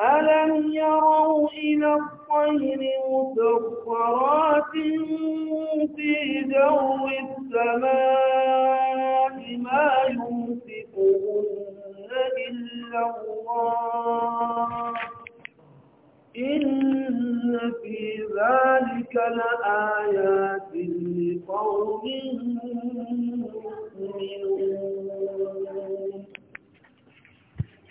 ألم يروا إلى الطير مسخرات في جو السماء ما يمسكهن إلا الله إن في ذلك لآيات لقوم يؤمنون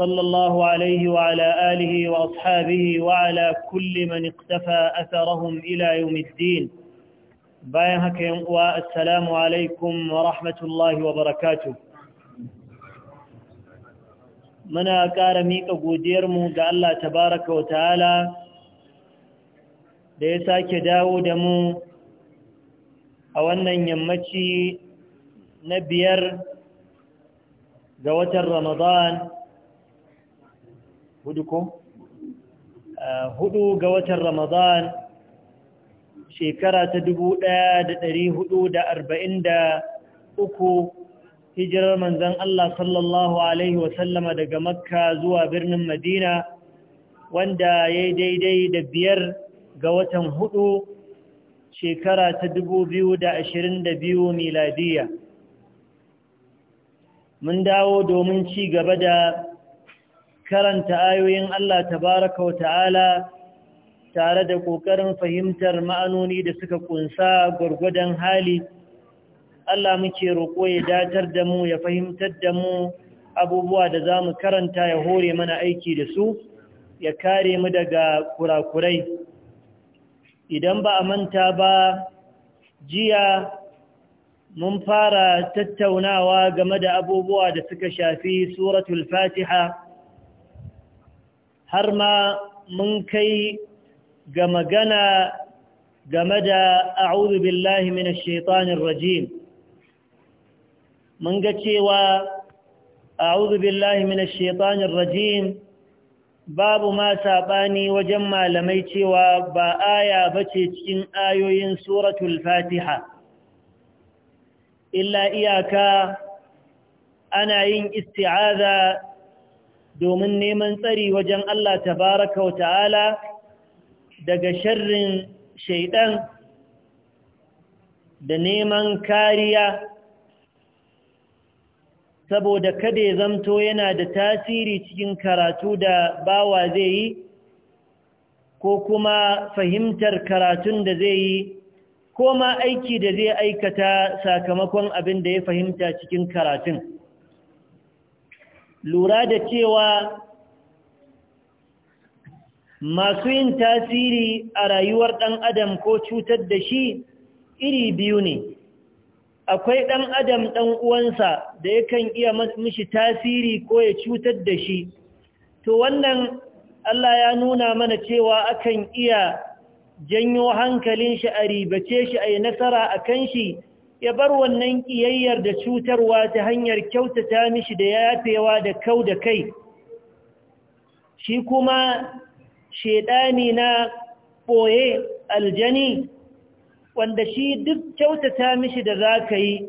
صلى الله عليه وعلى آله وأصحابه وعلى كل من اقتفى أثرهم إلى يوم الدين بايهك والسلام عليكم ورحمة الله وبركاته من كارميك قديرمو قال الله تبارك وتعالى ليساك داود مو أولا يمتي نبير قوة رمضان hudu ko ah, hudu ga watan ramadan shekara ta dubu ɗaya da dari hudu da arba'in da uku hijirar manzan Allah sallallahu Alaihi wasallama daga makka zuwa birnin madina wanda ya daidai da biyar ga watan hudu shekara ta dubu biyu da ashirin da biyu miladiya mun dawo domin ci gaba da karanta ayoyin Allah tabaraka wa ta'ala tare da ƙoƙarin fahimtar ma'anoni da suka ƙunsa gwargwadon hali Allah muke roƙo ya datar da mu ya fahimtar da mu abubuwa da za mu karanta ya hore mana aiki da su ya kare mu daga kurakurai idan ba a manta ba jiya mun fara tattaunawa game da abubuwa da suka shafi suratul fatiha har ma mun kai ga magana game da a'udhu billahi minash shaitanir rajim mun ga cewa a'udhu billahi minash shaitanir rajim babu ma saɓani wajen malamai cewa ba aya ba ce cikin ayoyin suratul fatiha illa iyaka ana yin isti'aza domin neman tsari wajen Allah baraka wa ta'ala daga sharrin shaidan da neman kariya saboda kada ya zamto yana da tasiri cikin karatu da bawa zai yi ko kuma fahimtar karatun da zai yi ko ma aiki da zai aikata sakamakon abin da ya fahimta cikin karatun. lura da cewa masu yin tasiri a rayuwar ɗan adam ko cutar da shi iri biyu ne akwai ɗan adam ɗan uwansa da yakan iya mashi tasiri ko ya cutar da shi to wannan Allah ya nuna mana cewa akan iya janyo hankalin shi a ribace shi a yi nasara a kan shi ya bar wannan ƙiyayyar da cutarwa ta hanyar kyautata mishi da yafewa da kau da kai shi kuma shaidani na ɓoye aljani wanda shi duk kyauta ta mishi da za ka yi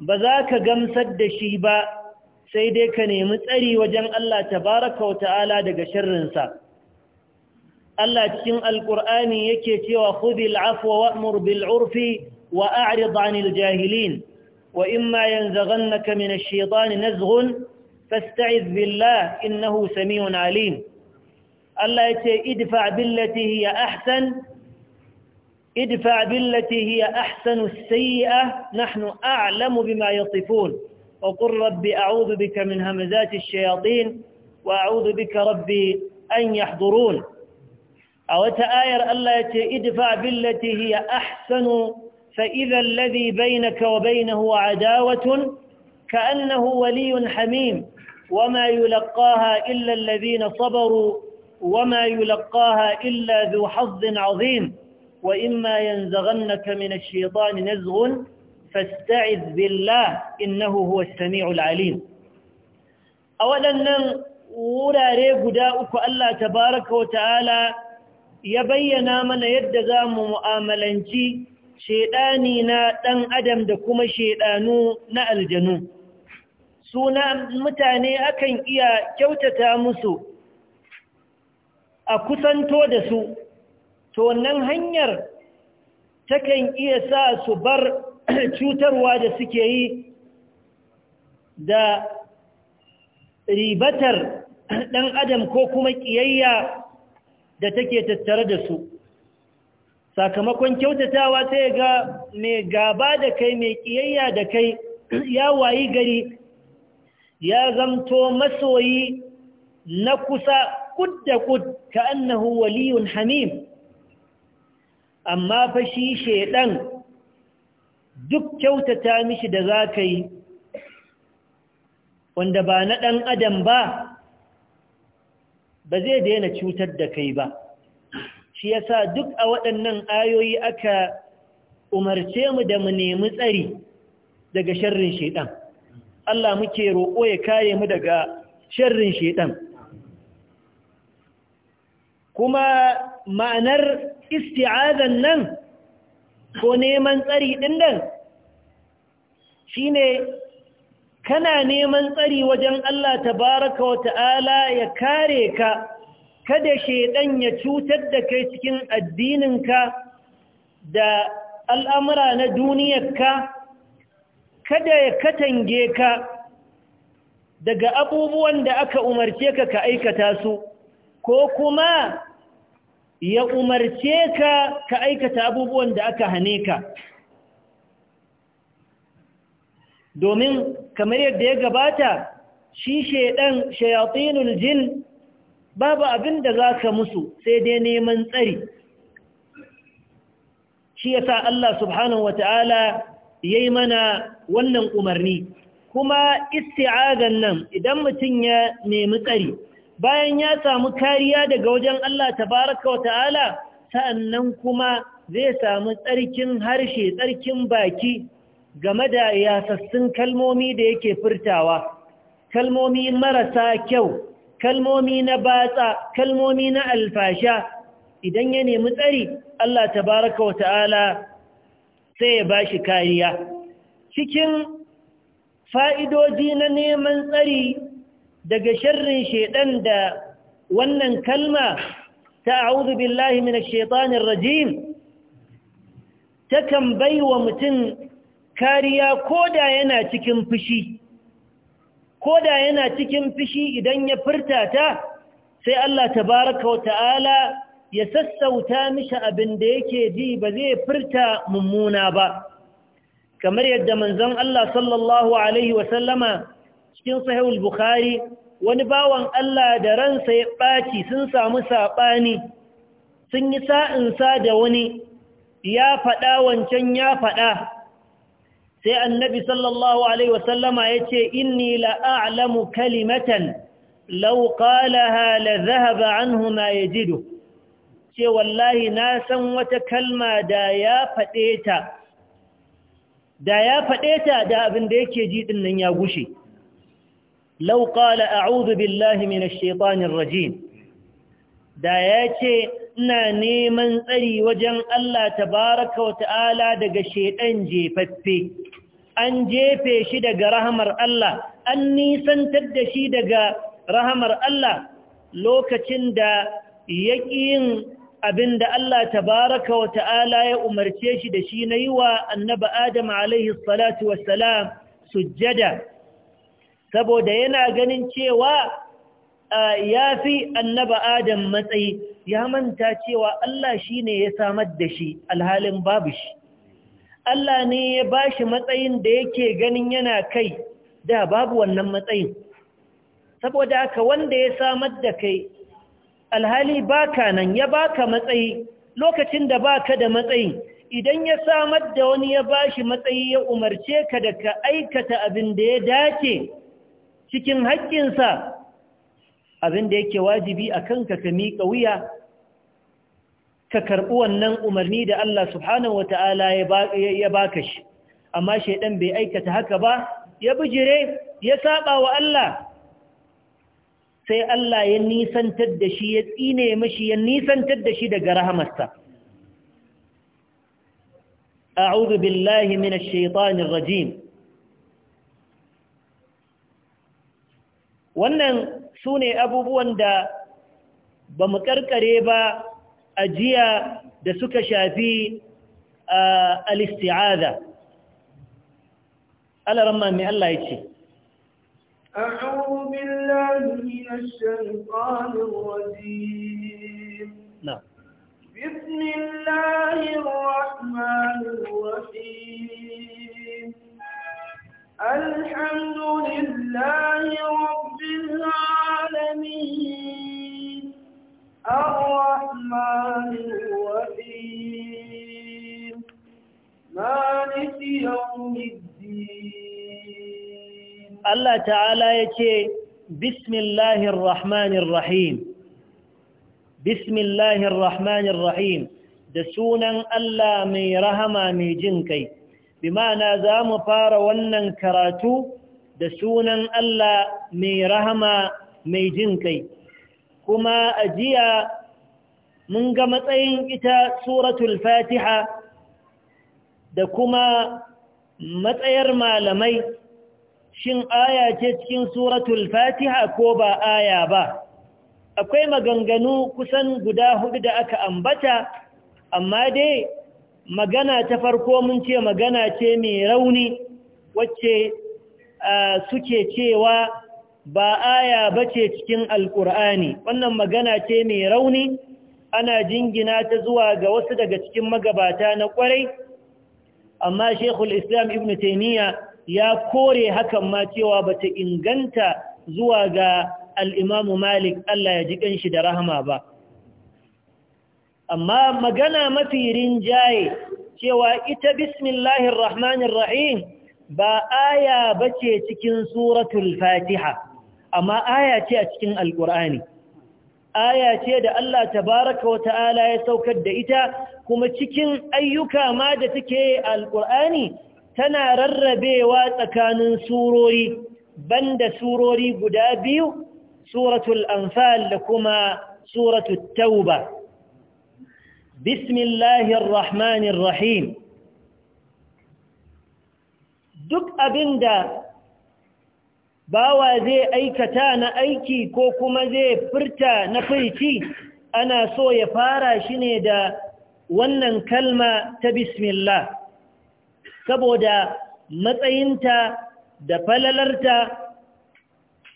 ba za ka gamsar da shi ba sai dai ka nemi tsari wajen Allah tabaraka wa ta'ala daga sharrinsa Allah cikin alƙur'ani yake cewa khudhil afwa wa'mur bil'urfi urfi وأعرض عن الجاهلين وإما ينزغنك من الشيطان نزغ فاستعذ بالله إنه سميع عليم ألا ادفع بالتي هي أحسن ادفع بالتي هي أحسن السيئة نحن أعلم بما يصفون وقل رب أعوذ بك من همزات الشياطين وأعوذ بك ربي أن يحضرون أو تآير ألا ادفع بالتي هي أحسن فإذا الذي بينك وبينه عداوة كأنه ولي حميم وما يلقاها إلا الذين صبروا وما يلقاها إلا ذو حظ عظيم وإما ينزغنك من الشيطان نزغ فاستعذ بالله إنه هو السميع العليم أولا ولا ريب داؤك ألا تبارك وتعالى يبين من يدزام مؤاملا yadda shaidani na ɗan adam da kuma shaidanu na aljanu suna mutane akan iya kyautata musu a kusanto da su to wannan hanyar takan iya sa su bar cutarwa da suke yi da ribatar ɗan adam ko kuma ƙiyayya da take tattare da su sakamakon kyautatawa sai ga mai gaba da kai mai kiyayya da kai ya wayi gari ya zamto masoyi na kusa kud da kud ka annahu waliyun hamim amma fashi shi duk kyautata mishi da za ka yi wanda ba na ɗan adam ba ba zai daina cutar da kai ba shi yasa duk a waɗannan ayoyi aka umarce mu da mu nemi tsari daga sharrin shaidan Allah muke roƙo ya kare mu daga sharrin shaidan kuma ma'anar isti'azan nan ko neman tsari ɗin nan shine kana neman tsari wajen Allah tabaraka wa ta'ala ya kare ka kada shaidan ya cutar da kai cikin addininka da al'amura na duniyarka kada ya katange ka daga abubuwan da aka umarce ka ka aikata su ko kuma ya umarce ka ka aikata abubuwan da aka hane ka domin kamar yadda ya gabata shi shaidan shayatinul jin babu abin da za ka musu sai dai neman tsari shi ya sa Allah subhanahu wa ta'ala ya yi mana wannan umarni kuma isti'azan nan idan mutum ya nemi tsari bayan ya samu kariya daga wajen Allah tabaraka wa ta'ala sa'annan kuma zai samu tsarkin harshe tsarkin baki game da yasassun kalmomi da yake furtawa kalmomi marasa kyau kalmomi na batsa kalmomi na alfasha idan ya nemi tsari Allah tabaraka wa ta'ala sai ya bashi kariya cikin fa'idoji na neman tsari daga sharrin shaiɗan da wannan kalma ta a'udhu billahi minash shaitanir rajim takan baiwa mutum kariya koda yana cikin fushi ko da yana cikin fishi idan ya furta ta sai Allah tabaraka wa ta'ala ya sassauta mishi abin da yake ji ba zai furta mummuna ba kamar yadda manzon Allah sallallahu alaihi waSallama, cikin sahihul bukhari wani bawan Allah da ransa ya ɓaci sun samu saɓani sun yi sa'insa da wani ya faɗa wancan ya faɗa sai annabi sallallahu alaihi wasallama ya ce inni la'alamu kalimatan lau qalaha la dhahaba anhu ma yajidu ce wallahi na san wata kalma da ya faɗe ta da ya faɗe ta da abin da yake ji din nan ya gushe lau qala a'udhu billahi minash rajim da ya ce ina neman tsari wajen Allah tabaraka wa ta'ala daga shaidan jefaffe an jefe shi daga rahamar Allah an nisantar da shi daga rahamar Allah lokacin da ya yin abin da Allah tabaraka wa ta'ala ya umarce shi da shi na yi wa annaba Adam alaihi salatu sujjada saboda yana ganin cewa ya fi annaba Adam matsayi ya manta cewa Allah shi ne ya samar da shi alhalin babu shi Allah ne ya ba shi matsayin da yake ganin yana kai da babu wannan matsayin saboda haka wanda ya samar da kai alhali baka nan ya baka matsayi lokacin da baka da matsayi. idan ya samar da wani ya ba shi matsayi ya umarce ka da ka aikata abin da ya dace cikin haƙƙinsa abin da yake wajibi a kanka ka miƙa wuya ka karɓi wannan umarni da Allah subhanahu wata'ala ya baka shi amma shaidan bai aikata haka ba ya bijire ya saɓa wa Allah sai Allah ya nisantar da shi ya tsine mashi ya nisantar da shi daga rahamarsa a'udhu billahi minash shaitanir rajim wannan sune abubuwan da ba mu ƙarƙare ba ajiya da شافي آه، الاستعاذة al-isti'aza الله يتشي أعوذ بالله من الشيطان الرجيم نعم بسم الله الرحمن الرحيم الحمد لله رب العالمين الرحمن الرحيم مالك يوم الدين الله تعالى يتي بسم الله الرحمن الرحيم بسم الله الرحمن الرحيم da sunan Allah mai rahama mai jin kai bi ma'ana za mu fara wannan karatu da sunan Allah mai rahama mai jin kai kuma a jiya mun ga matsayin ita suratul fatiha da kuma matsayar malamai shin aya ce cikin suratul fatiha ko ba aya ba akwai maganganu kusan guda hudu da aka ambata amma dai magana ta farko mun ce magana ce mai rauni wacce suke cewa ba aya ba ce cikin alkur'ani wannan magana ce mai rauni ana jingina ta zuwa ga wasu daga cikin magabata na kwarai amma shekul islam ibn taimiyya ya kore hakan ma cewa bata inganta zuwa ga al'imamu malik Allah ya ji ƙanshi da rahama ba amma magana mafi rinjaye cewa ita bismillahir rahmanir rahim ba aya bace cikin suratul fatiha amma aya ce a cikin alƙur'ani aya ce da Allah tabaraka wa ta'ala ya saukar da ita kuma cikin ayyuka ma da take alƙur'ani tana rarrabewa tsakanin surori banda surori guda biyu suratul anfal da kuma suratul tauba bismillahirrahmanirrahim duk abinda bawa zai aikata na aiki ko kuma zai furta na furci ana so ya fara shi ne da wannan kalma ta bismillah saboda matsayinta da falalarta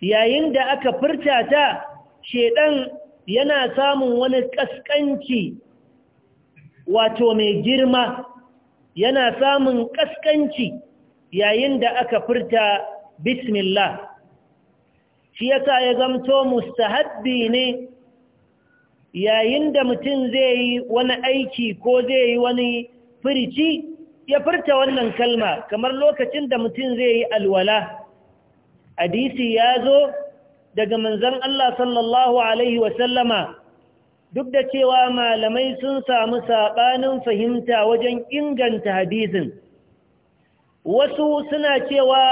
yayin da aka furta ta shedan yana samun wani kaskanci wato mai girma yana samun kaskanci yayin da aka furta bismillah shi yasa ya zamto mustahabbi ne yayin da mutum zai yi wani aiki ko zai yi wani firici ya furta wannan kalma kamar lokacin da mutum zai yi alwala hadisi ya zo daga manzan Allah sallallahu Alaihi wasallama duk da cewa malamai sun samu saɓanin fahimta wajen inganta hadisin wasu suna cewa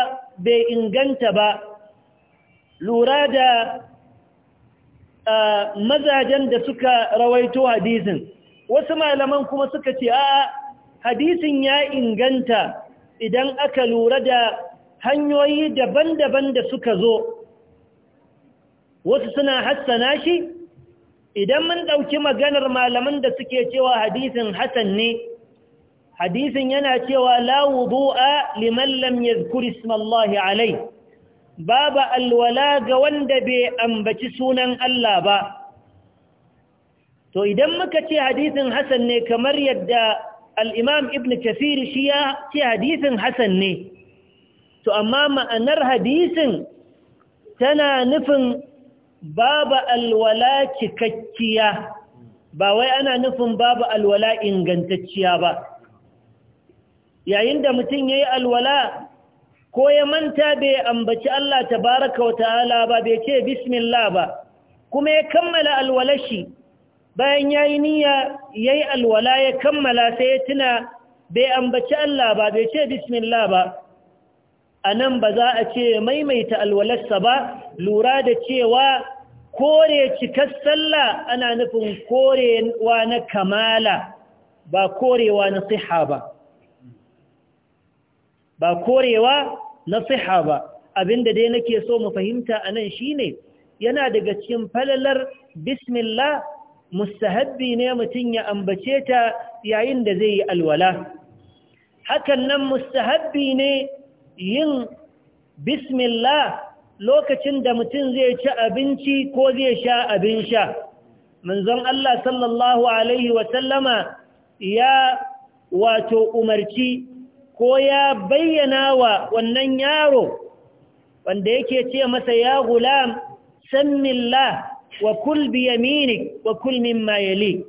bai inganta ba lura da mazajen da suka rawaito hadisin wasu malaman kuma suka ce a hadisin ya inganta idan aka lura da hanyoyi daban-daban da suka zo wasu suna hassana shi idan mun ɗauki maganar malaman da suke cewa hadisin Hassan ne hadisin yana cewa la wudu'a liman lam yadhkur ismallahi alai babu alwala ga wanda bai ambaci sunan Allah ba to idan muka ce hadisin hasan ne kamar yadda al-imam ibn kathir shi ya ce hadisin hasan ne to amma ma'anar hadisin tana nufin babu alwala cikakkiya ba wai ana nufin babu alwala ingantacciya ba yayin da mutum ya yi alwala ko ya manta bai ambaci Allah Ta wa ta'ala ba bai ce bismillah ba kuma ya kammala alwalashi bayan ya yi niyya ya yi alwala ya kammala sai ya tuna bai ambaci Allah ba bai ce bismillah ba a nan ba za a ce maimaita alwalarsa ba lura da cewa kore cikar sallah ana nufin korewa na kamala ba korewa na siha ba ba korewa na siha ba abinda dai nake so mu fahimta anan nan shine yana daga cikin falalar bismillah mustahabbi ne mutum ya ambace ta yayin da zai yi alwala hakan nan mustahabbi ne yin bismillah lokacin da mutum zai ci abinci ko zai sha abin sha manzon Allah sallallahu alaihi sallama ya wato umarci ko ya bayyana wa wannan yaro wanda yake ce masa ya gulam sammillah wa kul bi wa kul mimma yali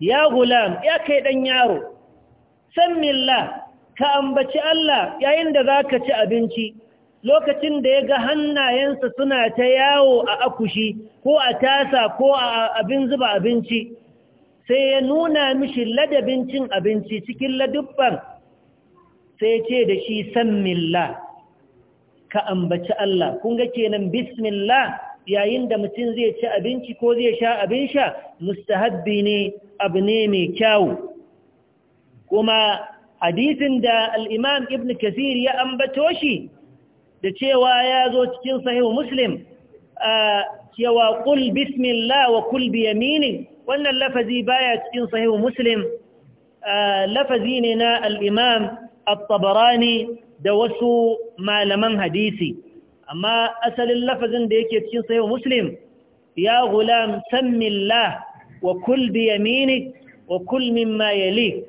ya gulam ya kai dan yaro sammillah ka ambaci Allah yayin da zaka ci abinci lokacin da ya ga hannayensa suna ta yawo a akushi ko a tasa ko a abin zuba abinci sai ya nuna mishi ladabin cin abinci cikin ladubban sai ce da shi sammillah ka ambaci Allah kun ga kenan bismillah yayin da mutum zai ci abinci ko zai sha abin sha mustahabbi ne abu ne mai kyau kuma hadisin da al'imam ibn kasir ya ambato shi da cewa ya zo cikin sahihu muslim cewa kul bismillah wa kul wannan lafazi baya cikin sahihu muslim lafazi ne na imam at-tabarani da wasu malaman hadisi amma asalin lafazin da yake cikin sahih muslim ya gulam sammillah wa kul bi yaminik wa kul mimma yalik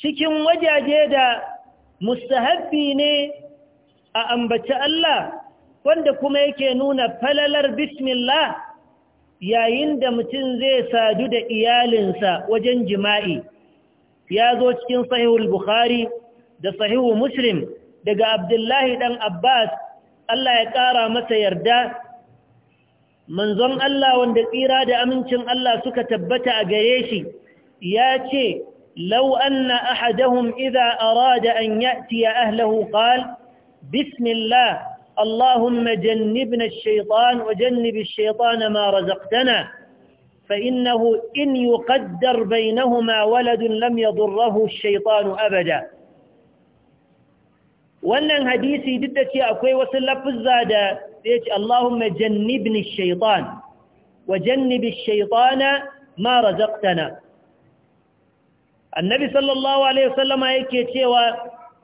cikin wajaje da mustahabbi ne a ambaci Allah wanda kuma yake nuna falalar bismillah yayin da mutum zai sadu da iyalinsa wajen jima'i ya zo cikin sahihul bukhari da sahihu muslim daga abdullahi dan abbas Allah ya ƙara masa yarda manzon Allah wanda tsira da amincin Allah suka tabbata a gare shi ya ce لو أن أحدهم إذا أراد أن يأتي أهله قال بسم الله اللهم جنبنا الشيطان وجنب الشيطان ما رزقتنا فإنه إن يقدر بينهما ولد لم يضره الشيطان أبدا ب الحديث ا ولن هديسي جدتي أ ك الزاده اللهم جنبني الشيطان وجنب الشيطان ما رزقتنا النبي صلى الله عليه وسلم يكتي و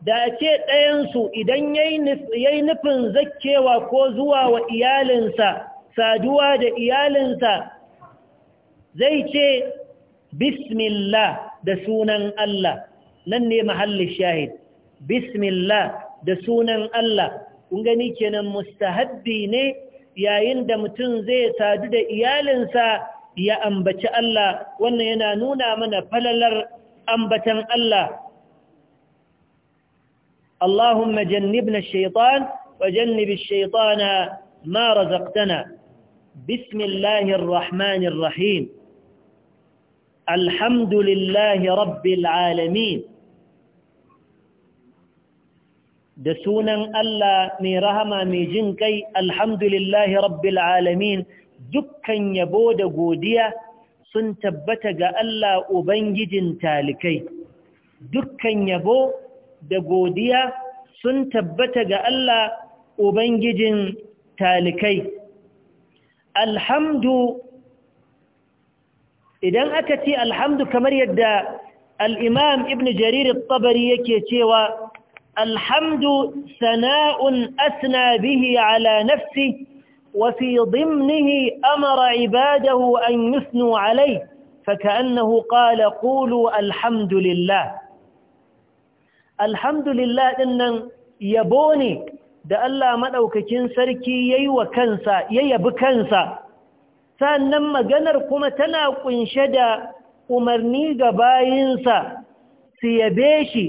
د أ ت ي ت انسو إ ذ ن ينفن زكي وكوزوى و إ ي ا ل ن zai ce bismillah da sunan Allah nan ne mahallin shahid bismillah da sunan Allah kun gani kenan mustahabbi ne yayin da mutum zai sadu da iyalinsa ya ambaci Allah wannan yana nuna mana falalar ambatan Allah اللهم جنبنا الشيطان وجنب الشيطان ما رزقتنا بسم الله الرحمن الرحيم الحمد لله رب العالمين da sunan Allah mai rahama mai jin kai alhamdulillahi rabbil alamin dukkan yabo da godiya sun tabbata ga Allah ubangijin talikai dukkan yabo da godiya sun tabbata ga Allah ubangijin talikai alhamdu idan aka ce alhamdu kamar yadda al'imam ibn jarir tabari yake cewa alhamdu sana'un asna bihi ala nafsi وفي ضمنه أمر عباده أن يثنوا عليه فكأنه قال قولوا الحمد لله الحمد لله إن يبوني da Allah maɗaukakin sarki ya yi wa kansa, ya yabi kansa, sannan maganar kuma tana kunshe da umarni ga bayinsa su yabe shi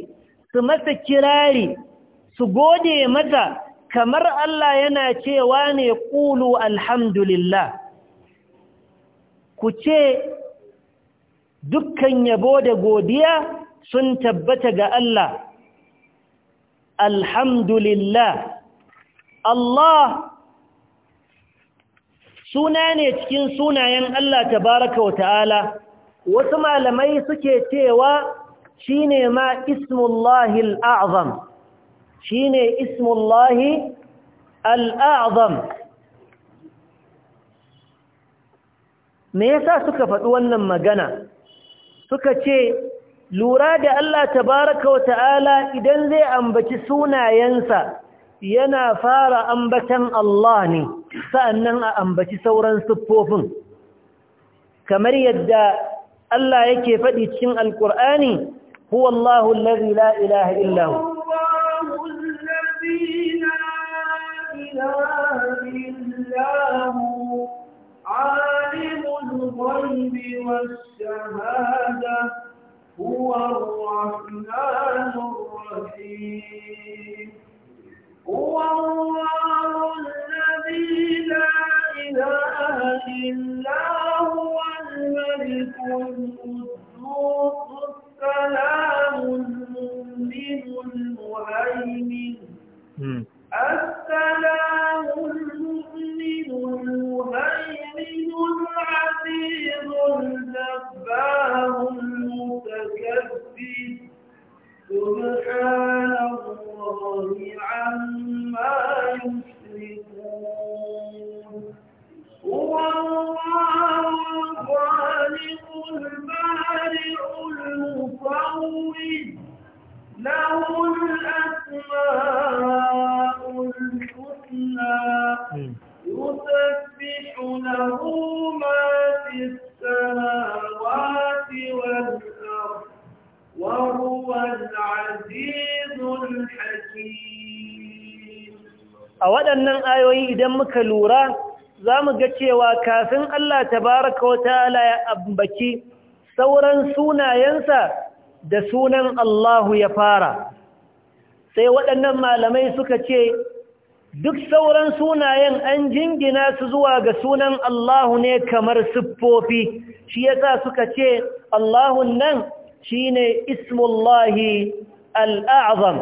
su masa kirari su gode mata kamar Allah yana cewa ne ƙulu alhamdulillah ku ce dukkan yabo da godiya sun tabbata ga Allah alhamdulillah Allah suna ne cikin sunayen Allah tabaraka wa ta'ala wasu malamai suke cewa shine ma ismullahi al'azam shine ismullahi al'azam me yasa suka faɗi wannan magana suka ce lura da Allah tabaraka wa ta'ala idan zai ambaci sunayensa yana fara ambatan Allah ne sa'annan a ambaci sauran siffofin kamar yadda Allah yake faɗi cikin alƙur'ani huwa Allah allazi la ilaha illa هو الرحمن الرحيم هو الله الذي لا إله إلا هو الملك القدوس muka lura za mu ga cewa kafin Allah tabaraka wa ta'ala ya ambaci sauran sunayensa da sunan Allahu ya fara sai waɗannan malamai suka ce duk sauran sunayen an jingina su zuwa ga sunan Allahu ne kamar siffofi shi yasa suka ce Allahun nan shine ismullahi al'azam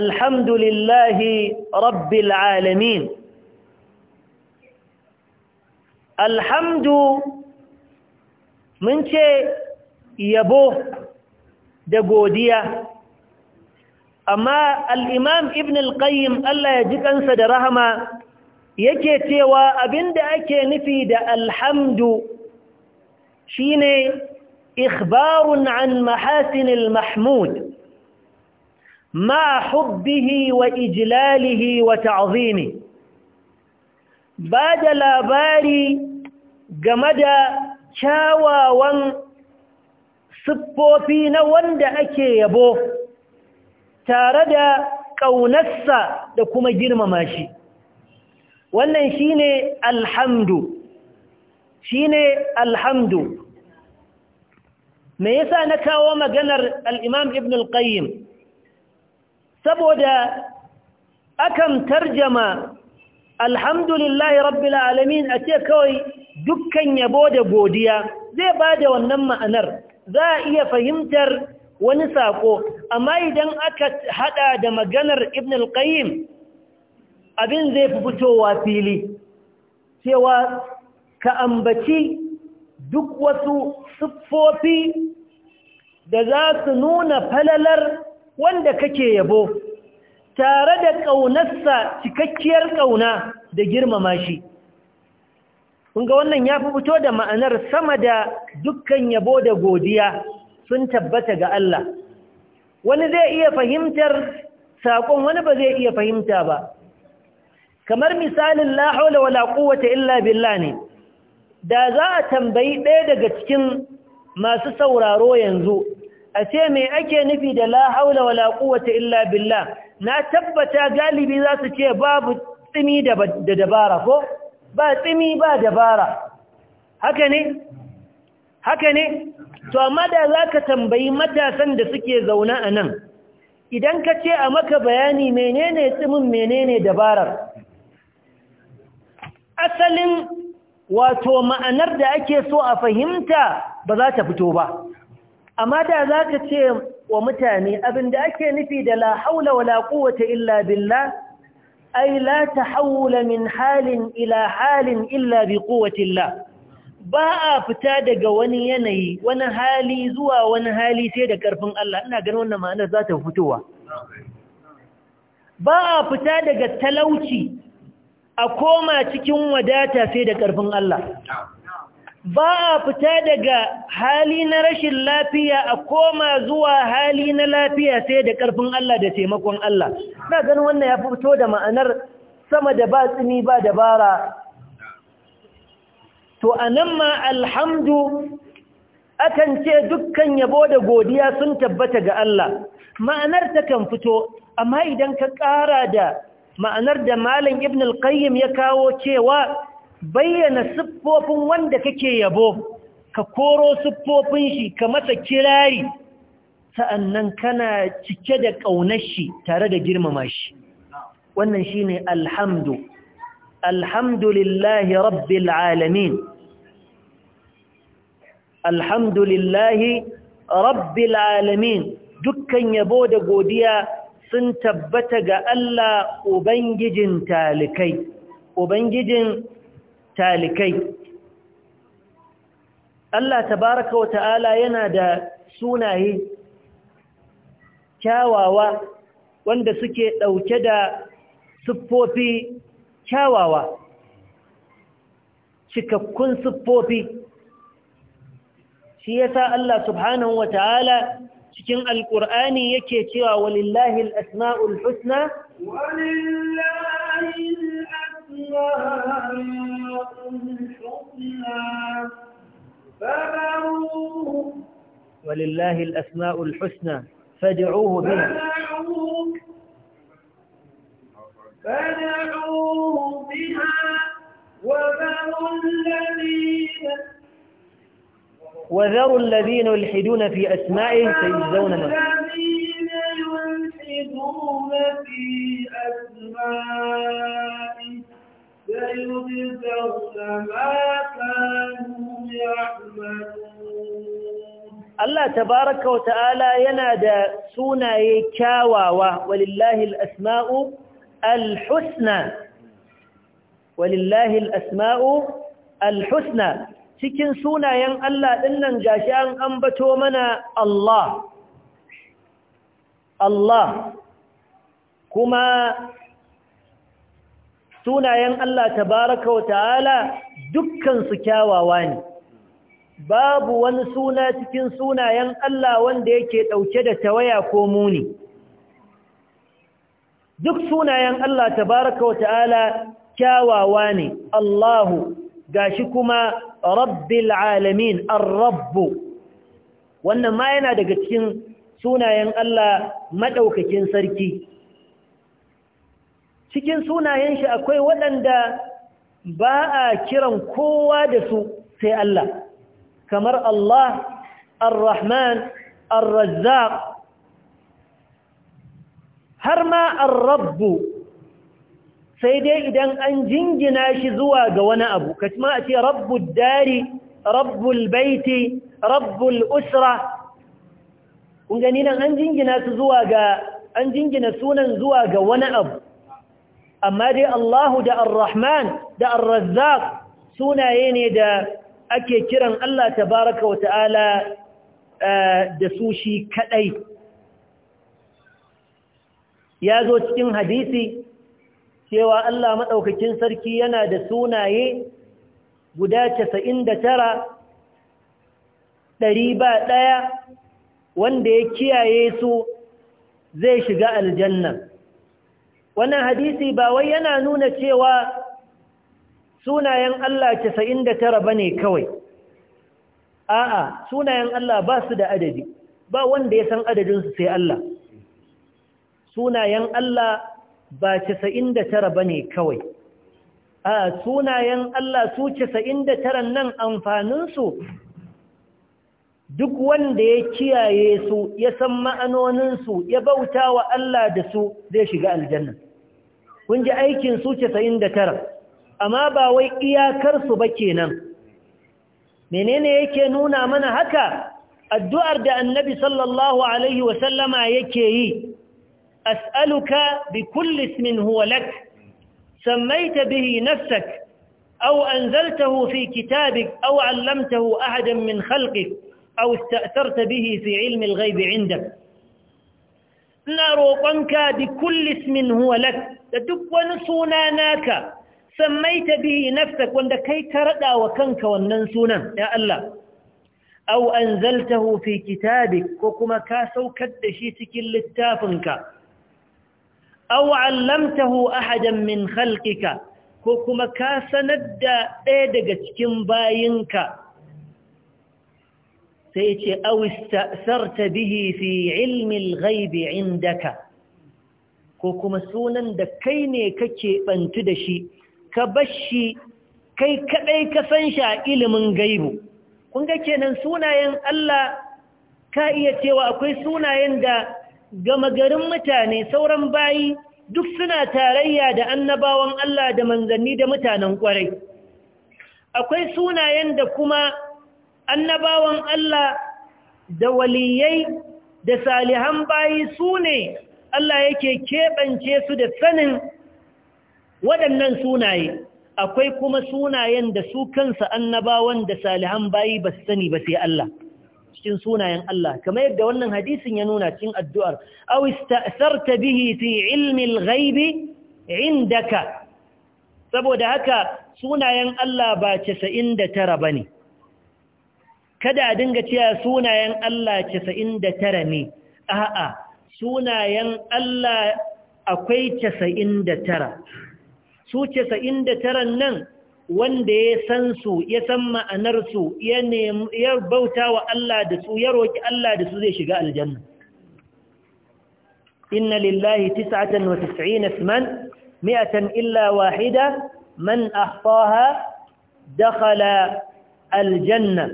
alhamdulillahi لله رب العالمين mun ce yabo da godiya amma al'imam ibn al-qayyim Allah ya ji kansa da rahama yake cewa abinda ake nufi da alhamdu shine ikhbarun an mahasinil mahmud ma hubbihi wa ijlalihi wa ta'zimi ba da labari game da kyawawan siffofi na wanda ake yabo tare da ƙaunarsa da kuma girmama shi wannan shine alhamdu shine alhamdu me yasa na kawo maganar al-Imam Ibn al-Qayyim saboda akan tarjama alhamdulillahi rabbil alamin a ce kawai dukkan yabo da godiya zai ba da wannan ma'anar za a iya fahimtar wani sako amma idan aka hada da maganar ibn al-qayyim abin zai fi fitowa fili cewa ka ambaci duk wasu siffofi da za su nuna falalar wanda kake yabo tare da ƙaunarsa cikakkiyar ƙauna da girmama shi kunga wannan ya fi fito da ma'anar sama da dukkan yabo da godiya sun tabbata ga Allah wani zai iya fahimtar saƙon wani ba zai iya fahimta ba kamar misalin la haula wala quwwata illa billah ne da za a tambayi ɗaya daga cikin masu sauraro yanzu a ce me ake nufi da la haula wala quwwata illa billah na tabbata galibi za su ce babu tsimi da dabara ko ba tsimi ba dabara haka ne haka ne to amma da ka tambayi matasan da suke zauna a nan idan ka ce a maka bayani menene tsimin menene dabarar asalin wato ma'anar da ake so a fahimta ba za ta fito ba amma da za ka ce wa mutane abin da ake nufi da la haula wa la quwwata illa billah ai la tahawula min halin ila halin illa bi quwwatillah ba a fita daga wani yanayi wani hali zuwa wani hali sai da karfin Allah ina ganin wannan ma'anar za ta fitowa ba a fita daga talauci a koma cikin wadata sai da karfin Allah ba a fita daga hali na rashin lafiya a koma zuwa hali na lafiya sai da ƙarfin Allah da taimakon Allah na gani wannan ya fito da ma'anar sama da ba tsini ba dabara to a nan ma alhamdu akan ce dukkan yabo da godiya sun tabbata ga Allah ma'anar ta kan fito amma idan ka ƙara da ma'anar da malam ibn al-qayyim ya kawo cewa bayyana siffofin wanda kake yabo ka koro siffofin shi ka masa kirari sa'annan kana cike da ƙaunar shi tare da girmama shi wannan shine alhamdu alhamdulillahi rabbil alamin alhamdulillahi rabbil alamin dukkan yabo da godiya sun tabbata ga Allah ubangijin talikai ubangijin talikai Allah tabaraka wa ta'ala yana da sunaye kyawawa wanda suke ɗauke da siffofi kyawawa cikakkun siffofi shi yasa Allah subhanahu wa ta'ala cikin alƙur'ani yake cewa walillahi asma'ul husna walillahi ولله الأسماء الحسنى فادعوه بها فادعوه بها وذروا الذين وذروا الذين يلحدون في أسمائه سيجزون ما الذين يلحدون في أسمائه Allah tabaraka wa yana da sunaye kyawawa walillahi al-asma'u al-husna cikin sunayen Allah ɗinnan gashi an ambato mana Allah kuma sunayen Allah tabaraka wa ta'ala dukkansu kyawawa ne babu wani suna cikin sunayen Allah wanda yake ɗauke da tawaya ko muni duk sunayen Allah tabaraka wa ta'ala kyawawa ne Allahu shi kuma rabbil alamin ar-rabb wannan ma yana daga cikin sunayen Allah maɗaukakin sarki cikin sunayen shi akwai waɗanda ba a kiran kowa da su sai Allah kamar Allah ar-Rahman ar-Razzaq har ma ar-Rabb sai dai idan an jingina shi zuwa ga wani abu kuma a ce rabbud dari rabbul baiti rabbul usra kun gani nan an jingina su zuwa ga an jingina sunan zuwa ga wani abu amma dai Allahu da Ar-Rahman da Ar-Razzaq sunaye ne da ake kiran Allah tabaraka wa ta'ala eh, da su shi kadai ya zo cikin hadisi cewa Allah madaukakin sarki yana da sunaye guda 99 ɗari ba ɗaya wanda ya kiyaye su zai shiga aljanna wannan hadisi ba wai yana nuna cewa sunayen Allah 99 bane kawai a'a sunayen Allah ba su da adadi ba wanda ya san adadin su sai Allah sunayen Allah ba 99 bane kawai a sunayen Allah su 99 nan amfanin su duk wanda ya kiyaye su ya san ma'anoninsu ya bauta wa Allah da su zai shiga aljanna kun ji aikin su 99 amma ba wai iyakar su ba kenan menene yake nuna mana haka addu'ar da annabi sallallahu alaihi wa sallama yake yi as'aluka bi kulli ismin huwa lak sammaita bihi nafsak أو أنزلته في كتابك أو علمته أحدا من خلقك أو استأثرت به في علم الغيب عندك ina roƙonka bi kulli ismin huwa lak da duk wani suna naka sammaita bihi nafsak wanda kai ka rada wa kanka wannan sunan ya Allah aw anzaltahu fi kitabik ko kuma ka saukar da shi cikin littafinka aw allamtahu ahadan min khalqika ko kuma ka sanar da ɗaya daga cikin bayinka sai ce sarta bihi fi ilmil ghaibi indaka ko kuma sunan da kai ne kake bantu da shi ka bashi kai kadai ka san shi a ilimin gaibu kun ga kenan sunayen Allah ka iya cewa akwai sunayen da gama garin mutane sauran bayi duk suna tarayya da annabawan Allah da manzanni da mutanen kwarai akwai sunayen da kuma annabawan Allah da waliyai da salihan bayi su ne Allah yake keɓance su da sanin waɗannan sunaye akwai kuma sunayen da su kansa annabawan da salihan bayi ba su sani ba sai Allah cikin sunayen Allah kamar yadda wannan hadisin ya nuna cikin addu'ar aw ista'tharta bihi fi ilmi al-ghaibi indaka saboda haka sunayen Allah ba 99 bane kada a dinga cewa sunayen Allah 99 ne a'a sunayen Allah akwai 99 su 99 nan wanda ya san su ya san ma'anar su ya ya bauta Allah da su ya roki Allah da su zai shiga aljanna inna lillahi 99 isman mi'atan illa wahida man ahsaha dakhala aljanna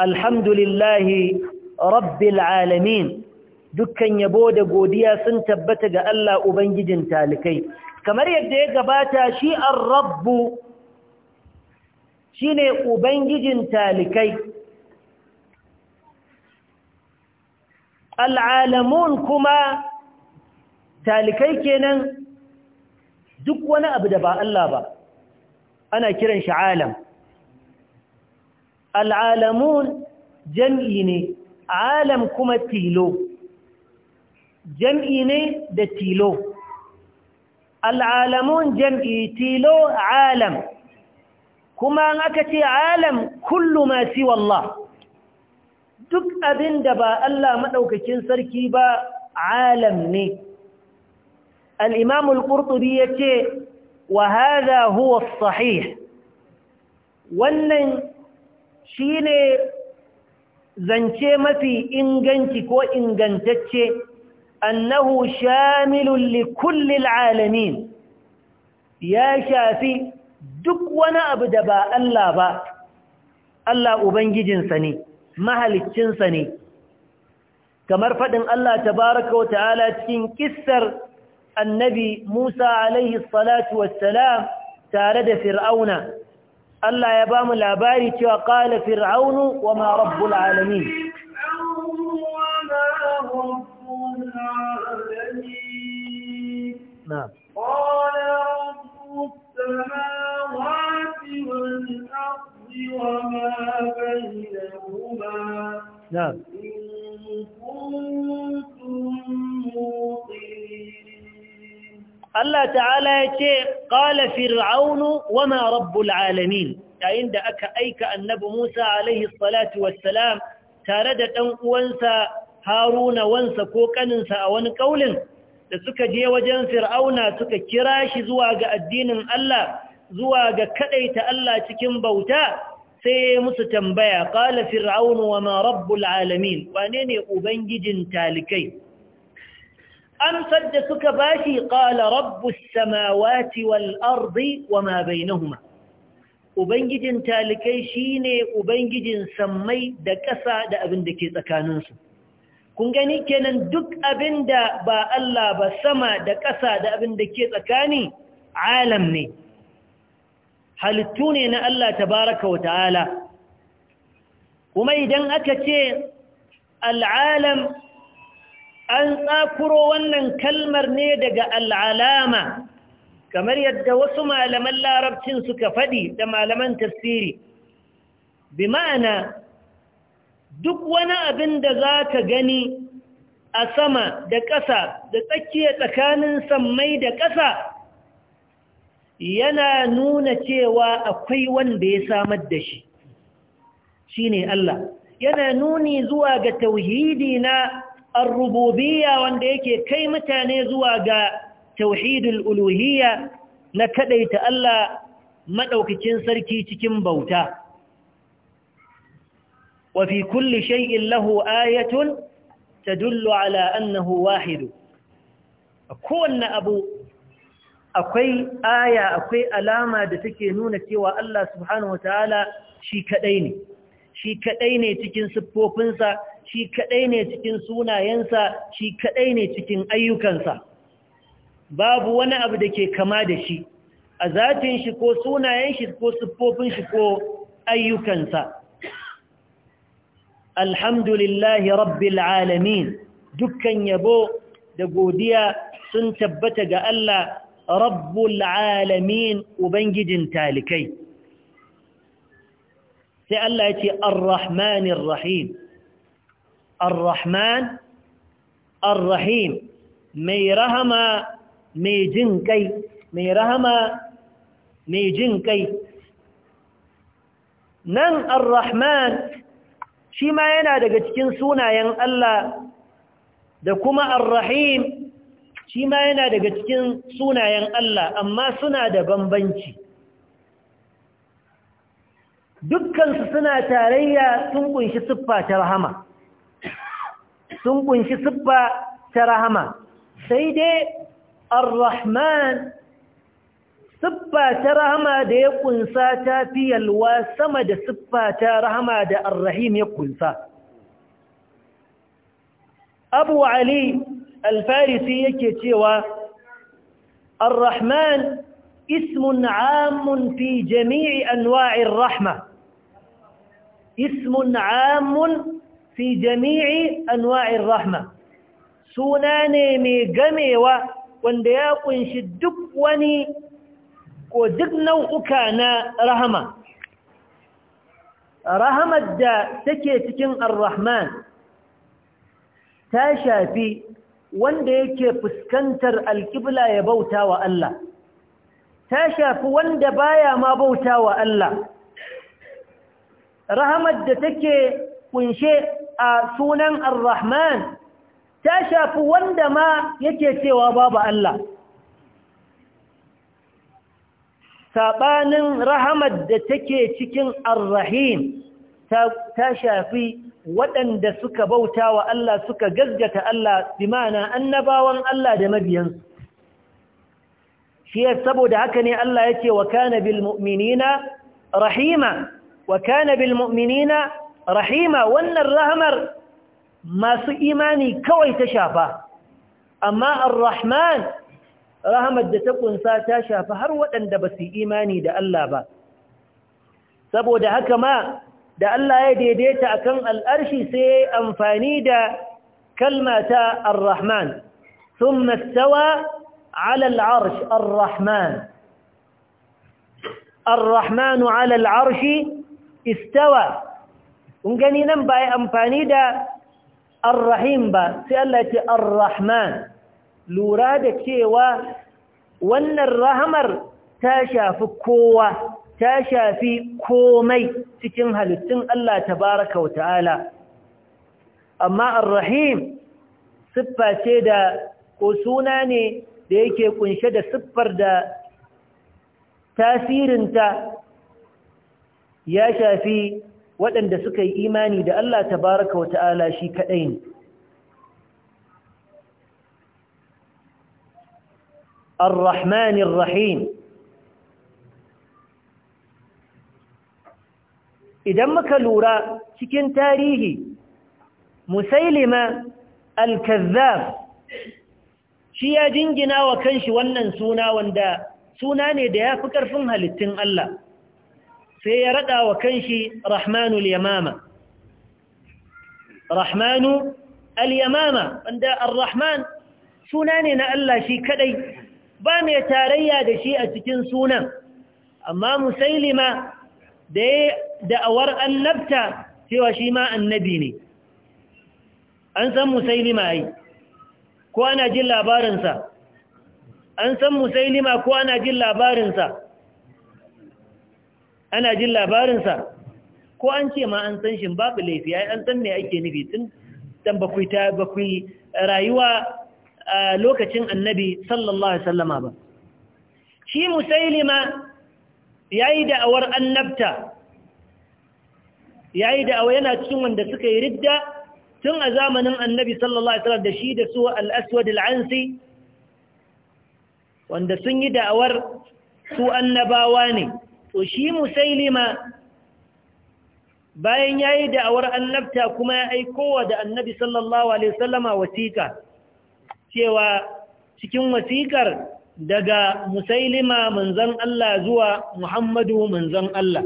alhamdulillahi rabbil alamin dukkan yabo da godiya sun tabbata ga Allah ubangijin talikai kamar yadda ya gabata shi ar-rabbu shine ubangijin talikai al'alamun kuma talikai kenan duk wani abu da ba Allah ba ana kiran shi alam al'alamun jam'i ne alam kuma tilo jam'i ne da tilo al'alamun jam'i tilo alam kuma an aka ce alam kullu ma siwa duk abin da ba Allah maɗaukakin sarki ba alam ne al ƙurtubi ya ce wa haza huwa sahih wannan shine zance mafi inganci ko ingantacce annahu shamilun li kulli alamin ya shafi duk wani abu da ba Allah ba Allah ubangijinsa ne mahaliccinsa ne kamar faɗin Allah tabaraka wa ta'ala cikin kissar annabi Musa alaihi salatu wassalam tare da fir'auna Allah ya ba mu labari cewa ƙala fir'aunu wa ma rabbul alamin na وما بينهما إن كنتم Allah ta'ala ya ce ƙala fir'aunu wa ma rabbul alamin yayin da aka aika annabi Musa alaihi salatu wassalam tare da ɗan uwansa Haruna wansa ko kaninsa a wani ƙaunin, da suka je wajen fir'auna suka kira shi zuwa ga addinin Allah zuwa ga kaɗaita Allah cikin bauta sai musu tambaya ƙala fir'aunu wa ma rabbul alamin wane ne ubangijin talikai amsar da suka bashi ƙala rabbus samawati wal ardi wama bainahuma ubangijin talikai shine ubangijin sammai da ƙasa da abin da ke tsakaninsu kun gani kenan duk abin da ba Allah ba sama da ƙasa da abin da ke tsakani alam ne halittu ne na Allah tabaraka wa ta'ala kuma idan aka ce al'alam an tsakuro wannan kalmar ne daga al'alama kamar yadda wasu malaman larabcin suka faɗi da malaman tafsiri bi ma'ana duk wani abin da za ka gani a sama da ƙasa da tsakiya tsakanin sammai da ƙasa yana nuna cewa akwai wanda ya samar da shi shi Allah yana nuni zuwa ga tauhidi na الربوبية وانده يكي كي متاني زواغا توحيد الألوهية نكدي تألا مدوك تنسر كي تكم بوتا وفي كل شيء له آية تدل على أنه واحد أكون أبو أكوي آية أكوي ألامة دفكي نونة سوى الله سبحانه وتعالى شي كديني شي كديني تكن سبوبنسا shi kaɗai ne cikin sunayensa shi kaɗai ne cikin ayyukansa babu wani abu da ke kama da shi a zatin shi ko sunayen shi ko siffofin shi ko ayyukansa alhamdulillahi rabbil alamin dukkan yabo da godiya sun tabbata ga Allah rabbul alamin ubangijin talikai sai Allah ya ce ar-rahmanir rahim ar-rahman ar-rahim mai rahama mai jin kai nan ar-rahman shi yana daga cikin sunayen Allah da kuma ar-rahim shi yana daga cikin sunayen Allah amma suna da bambanci dukkansu suna tarayya sun kunshi siffa ta rahama sun kunshi siffa ta rahama sai dai ar-rahman siffa ta rahama da ya kunsa ta fi yalwa sama da siffa ta rahama da ar-rahim ya kunsa abu ali al-farisi yake cewa ar-rahman اسم عام في جميع أنواع الرحمة اسم عام fi jami'i anwa'ir rahma suna ne mai gamewa wanda ya kunshi duk wani ko duk nau'uka na rahama rahamar da take cikin ar-rahman ta shafi wanda yake fuskantar alkibla ya bauta wa Allah ta shafi wanda baya ma bauta wa Allah rahamar da take kunshe a sunan ar-rahman ta shafi wanda ma yake cewa babu Allah saɓanin rahamar da take cikin ar-rahim ta shafi waɗanda suka bauta wa Allah suka gazgata Allah bi mana annabawan Allah da mabiyansu shi saboda haka ne Allah yake wa kana bil mu'minina rahima wa kana bil mu'minina rahima wannan rahamar masu imani kawai ta shafa amma ar-rahman rahamar da ta kunsa ta shafa har waɗanda ba su imani da Allah ba saboda haka ma da Allah ya daidaita akan al'arshi sai amfani da kalma ta ar-rahman thumma istawa ala al-arsh ar-rahman ar-rahman ala al-arshi istawa kun gani nan ba ya amfani da arrahim ba sai Allah ce arrahman lura da cewa wannan rahamar ta shafi kowa ta shafi komai cikin halittun Allah tabaraka wa ta'ala amma arrahim siffa ce da ko suna ne da yake kunshe da siffar da tasirinta ya shafi waɗanda suka yi imani da Allah tabaraka wa ta'ala shi kaɗai ne الرحمن rahim. idan muka lura cikin tarihi musailima al shi ya jingina wa kanshi wannan suna wanda suna ne da ya fi ƙarfin halittun Allah sai ya rada wa kanshi rahmanul yamama rahmanu al-yamama wanda ar-rahman suna ne na Allah shi kadai ba mai tarayya da shi a cikin sunan amma musailima da ya da'awar annabta cewa shi ma annabi ne an san musailima ai ko ana jin labarinsa an san musailima ko ana jin labarinsa ana jin labarinsa ko an ce ma an san shi babu laifi ai an san me ake nufi tun dan bakwai rayuwa a lokacin annabi sallallahu alaihi wasallama ba shi musailima yayi da'awar annabta yayi da'awa yana cikin wanda suka yi ridda tun a zamanin annabi sallallahu alaihi wasallam da shi da su al-aswad al-ansi wanda sun yi da'awar su annabawa ne to shi musailima bayan ya yi da'awar annabta kuma ya aikowa da annabi sallallahu alaihi wasallama wasiƙa cewa cikin wasiƙar daga musailima manzan Allah zuwa muhammadu manzan Allah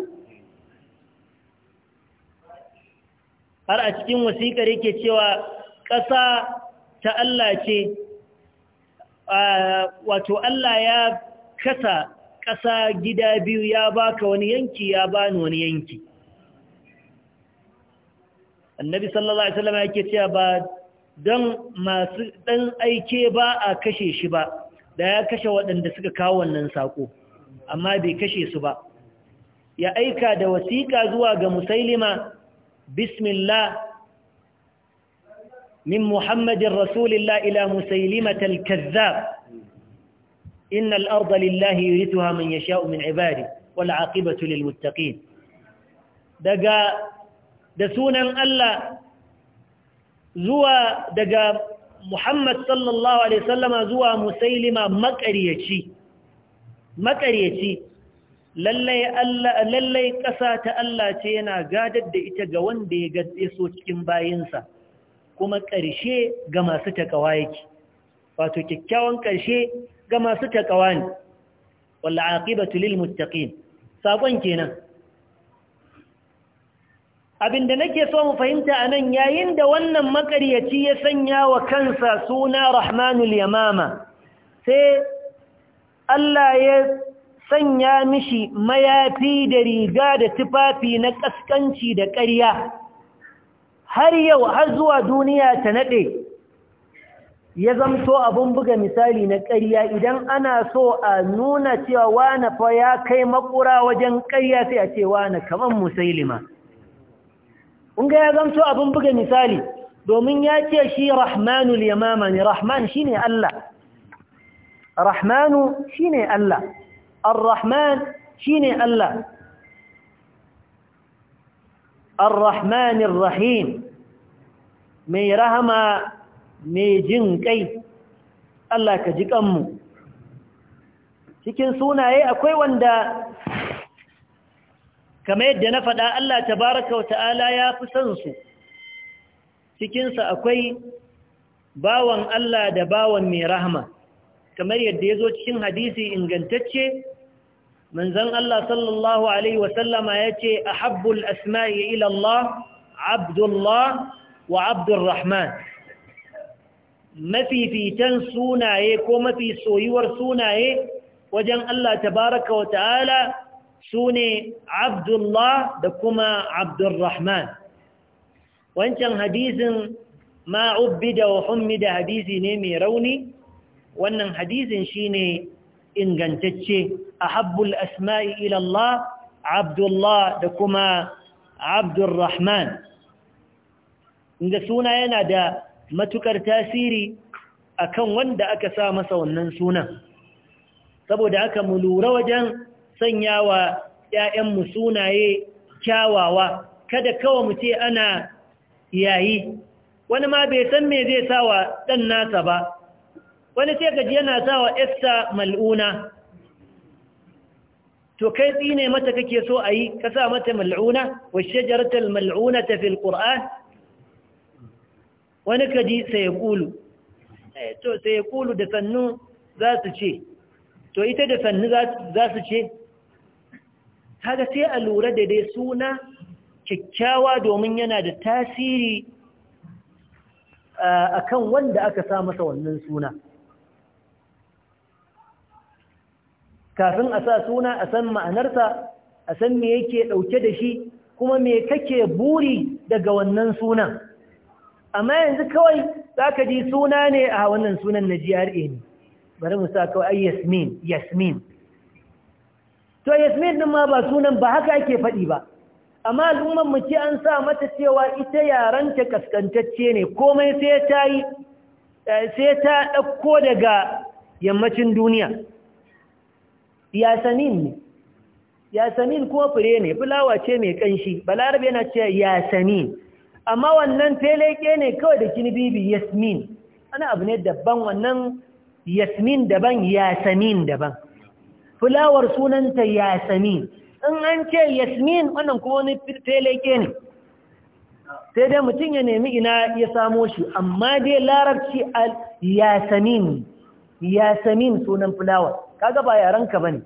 har a cikin wasiƙar yake cewa ƙasa ta Allah ce wato Allah ya kasa ƙasa gida biyu ya baka wani yanki ya bani wani yanki annabi sallallahu alaihi wasallam yake cewa ba don masu ɗan aike ba a kashe shi ba da ya kashe waɗanda suka kawo wannan sako, amma bai kashe su ba ya aika da wasiƙa zuwa ga musailima bismillah min muhammadin rasulillah ila musailima talkazzab إن الأرض لله يرثها من يشاء من عباده والعاقبة للمتقين دقا دسونا ألا زوى دقا محمد صلى الله عليه وسلم زوى مسيلمة مكريتي مكريتي lallai ƙasa ta Allah ce yana gadar da ita ga wanda ya gaɗe so cikin bayinsa kuma ƙarshe ga masu takawa yake wato kyakkyawan ƙarshe ga masu takawa ne Wala aqibatu lil muttaqin sakon kenan abinda nake so mu fahimta anan yayin da wannan maƙaryaci ya sanya wa kansa suna Rahmanul Yamama sai Allah ya sanya mishi mayafi da riga da tufafi na ƙasƙanci da ƙarya har yau har zuwa duniya ta naɗe. ya zamto abun buga misali na ƙarya idan ana so a nuna cewa wane fa ya kai makura wajen ƙarya sai a ce wane kamar musailima unga ya zamto abun buga misali domin ya ce shi rahmanu yamama ne rahman shine Allah rahmanu shine Allah ar-rahman shine Allah ar-rahmanir rahim mai rahama mai jin kai Allah ka ji kanmu cikin sunaye akwai wanda kamar yadda na faɗa Allah tabaraka wa ta'ala ya fi son su cikinsa akwai bawan Allah da bawan mai rahama kamar yadda ya zo cikin hadisi ingantacce manzan Allah sallallahu Alaihi wasallama ya ce a habbul asma'i ilallah abdullah wa abdurrahman mafificen sunaye ko mafi soyuwar sunaye wajen Allah tabaraka wa ta'ala su ne Abdullah da kuma Abdurrahman. Wancan hadisin ma'ubbi da wahummi da hadisi ne mai rauni, wannan hadisin shi ne ingantacce a habbul asma'i ilallah, Abdullah da kuma Abdurrahman. Inda suna yana da matukar tasiri akan wanda aka sa masa wannan sunan saboda aka mu lura wajen sanyawa ƴaƴanmu sunaye kyawawa kada kawai mu ce ana yayi wani ma bai san me zai sa wa ɗan nasa ba wani sai gaji yana sa wa esta mal'una to kai tsine mata kake so ayi yi ka sa mata mal'una wa shajaratul mal'una ta fil wani kaji sai ya kulu eh, to sai ya kulu da sannu za su ce to ita da sannu za su ce haka sai a lura da dai suna kyakkyawa domin yana da tasiri eh, a kan wanda aka sa masa wannan suna kafin a sa suna a san ma'anarsa a san me yake ɗauke da shi kuma me kake buri daga wannan sunan amma yanzu kawai za ka ji suna ne a wannan sunan na GRA ne bari mu sa kawai yasmin yasmin to yasmin ɗin ma ba sunan ba haka ake faɗi ba amma al'ummar mu ce an sa mata cewa ita yaranta kaskantacce ne komai sai ta yi eh, sai ta ɗauko daga yammacin duniya yasamin ne yasamin kuma fure ne fulawa ce mai ƙanshi balarabe yana ce yasamin amma wannan teleke ne kawai da kini bibi yasmin ana abu ne daban wannan yasmin daban yasamin daban fulawar sunanta yasamin in an ce yasmin wannan kuma wani teleke ne sai dai mutum ya nemi ina ya samo shi amma dai larabci yasamin yasamin sunan fulawar kaga ba yaranka ne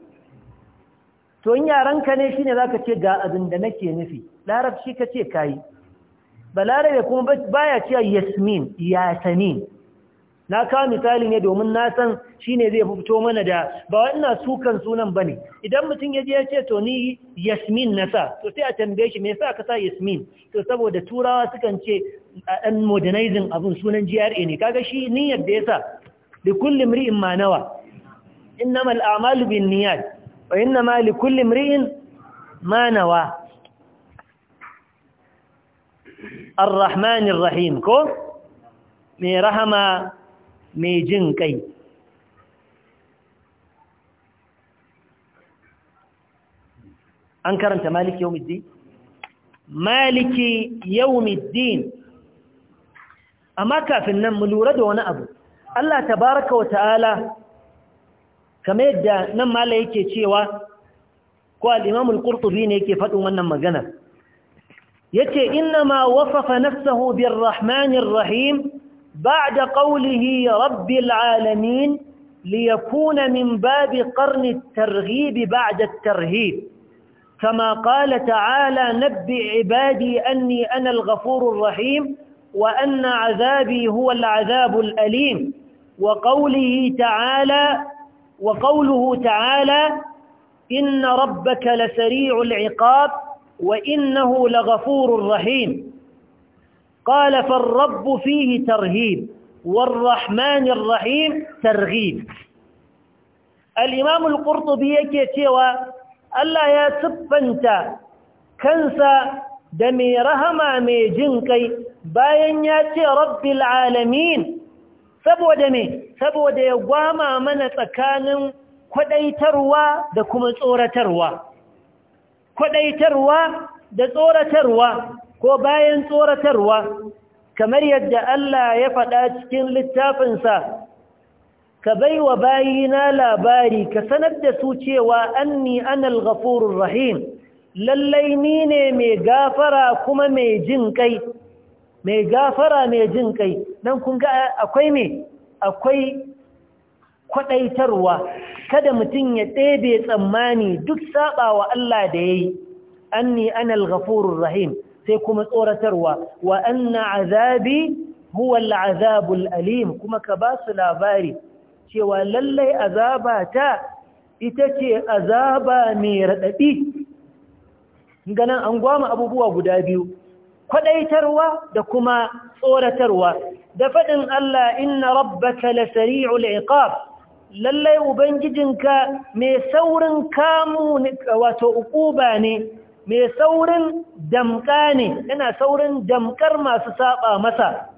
to in yaranka ne shine ka ce ga abin da nake nufi larabci kace yi. balarabe kuma baya cewa yasmin yasamin na kawo misali ne domin na san shi ne zai fito mana da ba wannan sukan sunan ba ne idan mutum ya je ya ce to ni yasmin na sa to sai a tambaye shi me yasa ka sa yasmin to saboda turawa sukan ce a ɗan modernizing abin sunan gra ne kaga shi niyyar da ya sa da kullum ri'in ma nawa innamal a'malu bin niyyat wa innama li kulli imri'in ma nawa arrahmanir rahim ko mai rahama mai jin kai an karanta maliki yawmiddin maliki yawmiddin amma kafin nan mu lura da wani abu Allah tabaraka wa ta'ala kamar yadda nan mala yake cewa ko al-imam al ne yake faɗin wannan maganar. يتي إنما وصف نفسه بالرحمن الرحيم بعد قوله رب العالمين ليكون من باب قرن الترغيب بعد الترهيب كما قال تعالى نبئ عبادي أني أنا الغفور الرحيم وأن عذابي هو العذاب الأليم وقوله تعالى وقوله تعالى إن ربك لسريع العقاب وإنه لغفور رحيم قال فالرب فيه ترهيب والرحمن الرحيم ترغيب الإمام القرطبي yake cewa Allah ya siffanta kansa da mai rahama mai jin kai bayan ya ce rabbil alamin saboda me saboda ya gwama mana tsakanin kwadaitarwa da kuma tsoratarwa faɗaitarwa da tsoratarwa ko bayan tsoratarwa kamar yadda Allah ya faɗa cikin littafinsa ka baiwa bayina labari ka sanar da su cewa anni anal ghafurur rahim lallai ni ne mai gafara kuma mai jin kai mai gafara mai jin kai nan kun ga akwai me akwai kwaɗaitarwa kada mutum ya ɗebe tsammani duk saɓa wa Allah da ya yi anni anal ghafurur rahim sai kuma tsoratarwa wa anna azabi huwa al'azabul alim kuma ka ba su labari cewa lallai azaba ta ita ce azaba mai raɗaɗi ganin an gwama abubuwa guda biyu kwaɗaitarwa da kuma tsoratarwa da faɗin Allah inna rabbaka sari'ul iqab lallai ubangijinka mai saurin kamu wato ukuba ne mai saurin damƙa ne yana saurin damƙar masu saba masa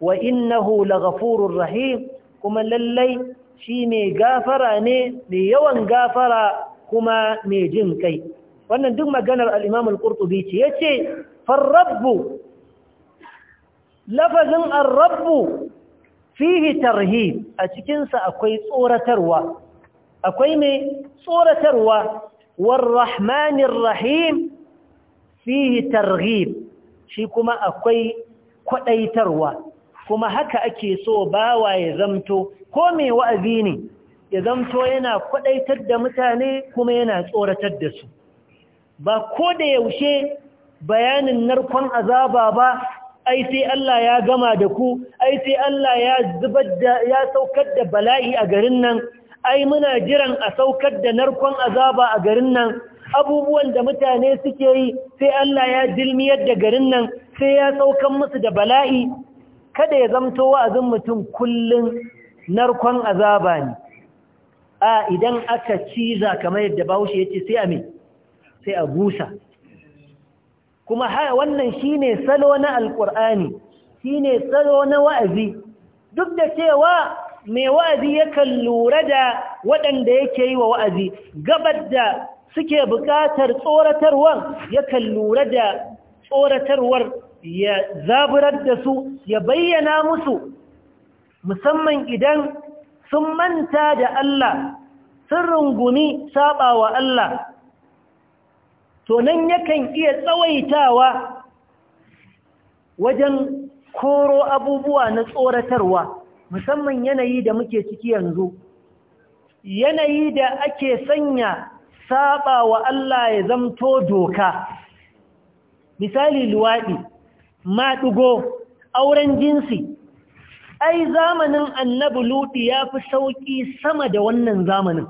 wa innahu laghafurur rahim kuma lallai shi mai gafara ne mai yawan gafara kuma mai jin kai wannan duk maganar al-Imam ce yace farrabbu lafazin ar-rabbu fihi tarhib a cikinsa akwai tsoratarwa akwai mai tsoratarwa rahmanir rahim fihi targhib shi kuma akwai kwadaitarwa kuma haka ake so bawa ya zamto ko mai wa'azi ne ya zamto yana kwadaitar da mutane kuma yana tsoratar da su ba ko da yaushe bayanin narkon azaba ba ai sai Allah ya gama da ku ai sai Allah ya zubar da ya saukar da bala'i a garin nan ai muna jiran a saukar da narkon azaba a garin nan abubuwan da mutane suke yi sai Allah ya dilmiyar da garin nan sai ya saukan musu da bala'i kada ya zamto wa'azin mutum kullun narkon azaba ne a idan aka ciza kamar yadda bahaushe ya ce sai a me sai a busa kuma wannan shine salo na Alƙur'ani, shine salo na wa'azi duk da cewa mai wa'azi yakan lura da waɗanda yake yi wa wa'azi gabar da suke buƙatar tsoratarwar yakan lura da tsoratarwar ya zaburar da su ya bayyana musu musamman idan sun manta da Allah sun rungumi saɓa wa Allah to nan yakan iya tsawaitawa wajen koro abubuwa na tsoratarwa musamman yanayi da muke ciki yanzu yanayi da ake sanya saba wa Allah ya zamto doka misali luwaɗi maɗugo auren jinsi ai zamanin annabi luɗi ya fi sauƙi sama da wannan zamanin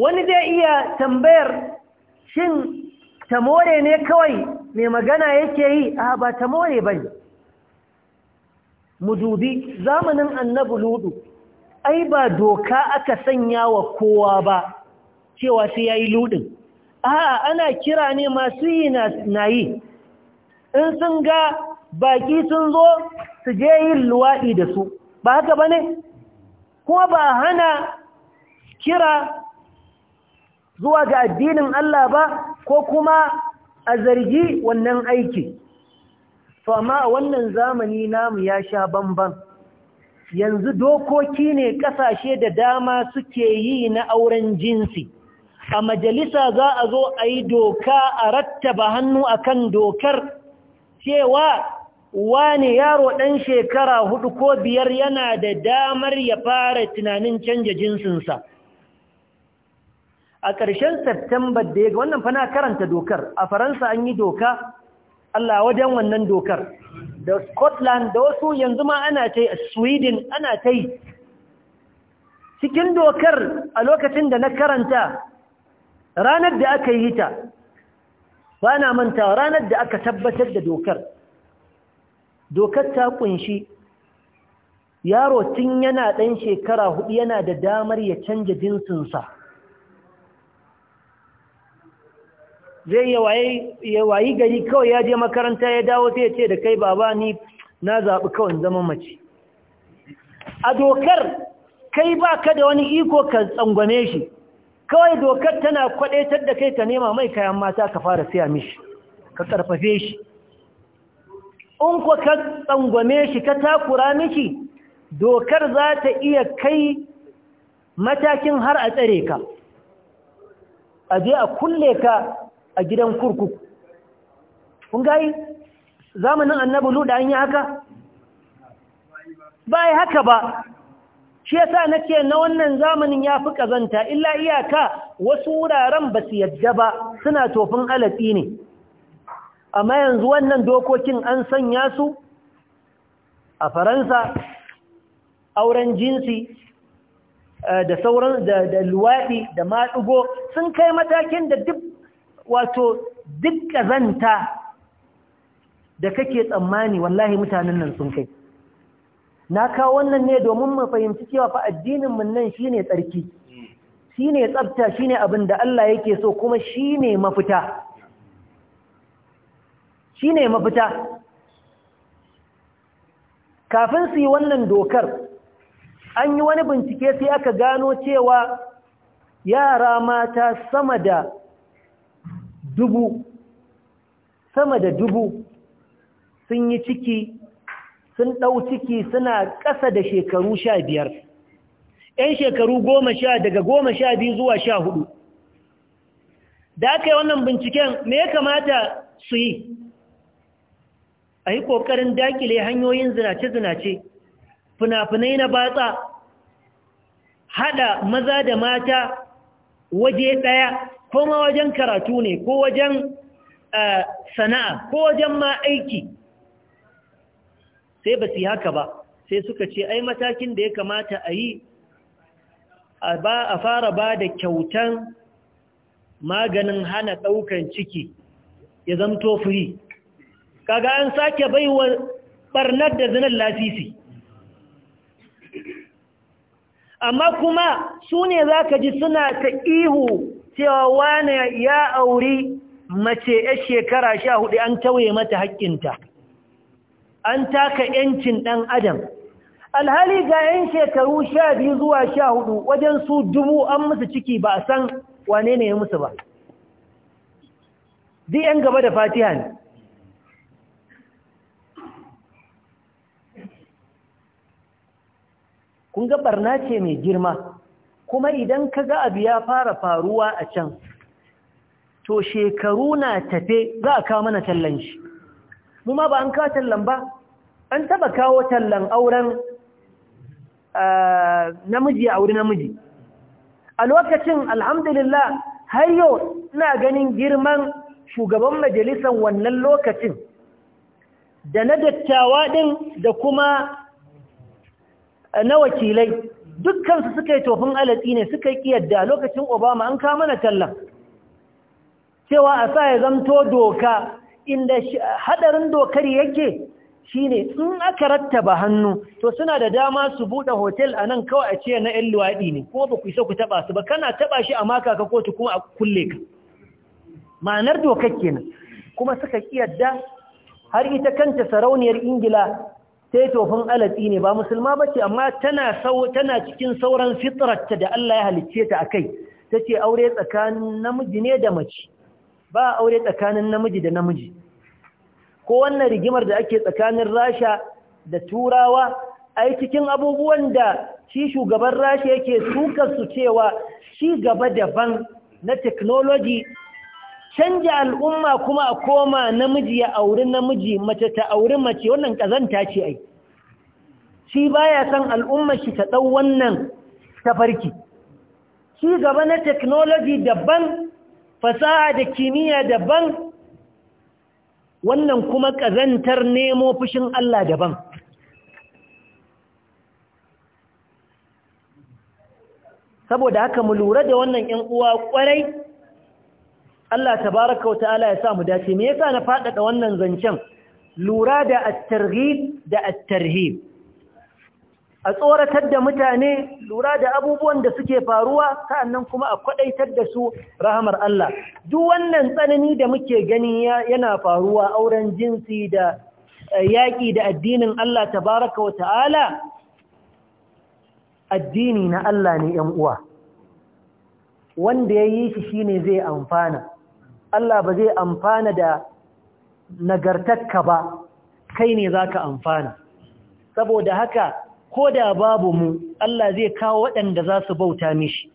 wani zai iya tambayar shin tamore ne kawai mai magana yake yi a ba tamore ba ne mu zamanin annabi ludu ai ba doka aka sanya wa kowa ba cewa sai yayi ludin a'a ana kira ne masu yi na yi in sun ga baki sun zo su je yin luwaɗi da su ba haka ba ne kuma ba hana kira zuwa ga addinin Allah ba ko kuma a zargi wannan aiki to a wannan zamani namu ya sha bamban yanzu dokoki ne ƙasashe da dama suke yi na auren jinsi a majalisa za a zo a yi doka a rattaba hannu akan dokar cewa wane yaro ɗan shekara hudu ko biyar yana da damar ya fara tunanin canja jinsinsa a ƙarshen September da ya wannan fa karanta dokar a Faransa an yi doka Allah wajen wannan dokar da Scotland da wasu yanzu ma ana ta a Sweden ana ta yi cikin dokar a lokacin da na karanta ranar da aka yi ta ba na manta ranar da aka tabbatar da dokar dokar ta kunshi yaro tun yana ɗan shekara hudu yana da damar ya canja jinsinsa zai ya wayi gari kawai ya je makaranta ya dawo sai ya ce da kai baba ni na zaɓi kawai zama mace a dokar kai ba ka da wani iko ka tsangwame shi kawai dokar tana kwadaitar da kai ta nema mai kayan mata ka fara siya mishi ka ƙarfafe shi in ku ka tsangwame shi ka takura mishi dokar za ta iya kai matakin har a tsare ka a je a kulle ka a gidan kurkuku kun gai zamanin annabi luɗa an yi haka ba yi haka ba shi yasa nake na wannan zamanin ya fi kazanta illa iyaka wasu wuraren ba su yadda ba suna tofin alaƙi ne amma yanzu wannan dokokin an sanya su a faransa auren jinsi eh, da sauran da luwaɗi da maɗugo sun kai matakin da duk wato duk ƙazanta da kake tsammani wallahi mutanen nan sun kai na kawo wannan ne domin mu fahimci cewa fa addinin mun nan shine tsarki shine tsafta shine abin da Allah yake so kuma shine mafita shine mafita kafin su yi wannan dokar an yi wani bincike sai aka gano cewa yara mata sama da dubu sama da dubu sun yi ciki sun ɗau ciki suna ƙasa da shekaru sha biyar ‘yan shekaru goma sha daga goma sha biyu zuwa sha hudu da aka yi wannan binciken me ya kamata su yi a yi ƙoƙarin daƙile hanyoyin zinace-zinace fina-finai na batsa haɗa maza da mata waje ɗaya ko ma wajen karatu ne ko wajen sana'a ko wajen ma aiki sai ba su yi haka ba sai suka ce ai matakin da ya kamata a yi a fara ba da kyautan maganin hana ɗaukan ciki ya zamto tofuri. kaga an sake baiwa ɓarnar da zinan lasisi amma kuma su ne za ka ji suna ta ihu cewa wane ya auri mace ya shekara sha hudu an tauye mata haƙƙinta an taka ‘yancin ɗan adam alhali ga ‘yan shekaru sha biyu zuwa sha hudu wajen su dubu an musu ciki ba a san wane ne ya musu ba duk ‘yan gaba da fatiha ne kun ga barna ce mai girma kuma idan ka ga abu ya fara faruwa a can to shekaru na tafe za a kawo mana tallan shi mu ma ba an kawo tallan ba an taba kawo tallan auren namiji a wuri namiji a lokacin alhamdulillah har yau ina ganin girman shugaban majalisar wannan lokacin da na dattawa ɗin da kuma eh, na wakilai dukkansu suka yi tofin alatsi ne suka yi a lokacin obama an kama na tallan cewa a sa ya zamto doka inda hadarin dokar yake shine in aka rattaba hannu to suna da dama su buɗe hotel a nan kawai a ce na 'yan luwaɗi ne kuma ba ku isa ku taɓa su ba kana taɓa shi a maka ka kotu kuma a kulle ka ma'anar dokar kenan kuma suka ƙi har ita kanta sarauniyar ingila sai tofin alatsi ne ba musulma ba ce amma tana cikin sauran fitrarta da Allah ya halicce ta akai tace aure tsakanin namiji ne da mace ba aure tsakanin namiji da namiji ko wannan rigimar da ake tsakanin Rasha da Turawa ai cikin abubuwan da shi shugaban Rasha yake tukar su cewa shi gaba daban na technology canja al'umma kuma a koma namiji ya auri namiji mace ta auri mace wannan kazanta ce ai shi baya san al'umma shi ta dau wannan tafarki shi gaba na technology daban fasaha da kimiyya daban wannan kuma kazantar nemo fushin Allah daban saboda haka mu lura da wannan 'yan uwa kwarai Allah tabaraka wa ta'ala ya sa mu dace me yasa na faɗaɗa wannan zancen lura da at-targhib da at-tarhib a tsoratar da mutane lura da abubuwan da suke faruwa sa'annan kuma a kwadaitar da su rahamar Allah duk wannan tsanani da muke gani yana faruwa auren jinsi da eh, yaƙi da addinin Allah tabaraka wa ta'ala addini na Allah ne ‘yan uwa wanda ya yi shi shine zai amfana Allah ba zai amfana da nagartakka ba kai ne za ka amfana saboda haka ko da babu mu Allah zai kawo waɗanda za su bauta mishi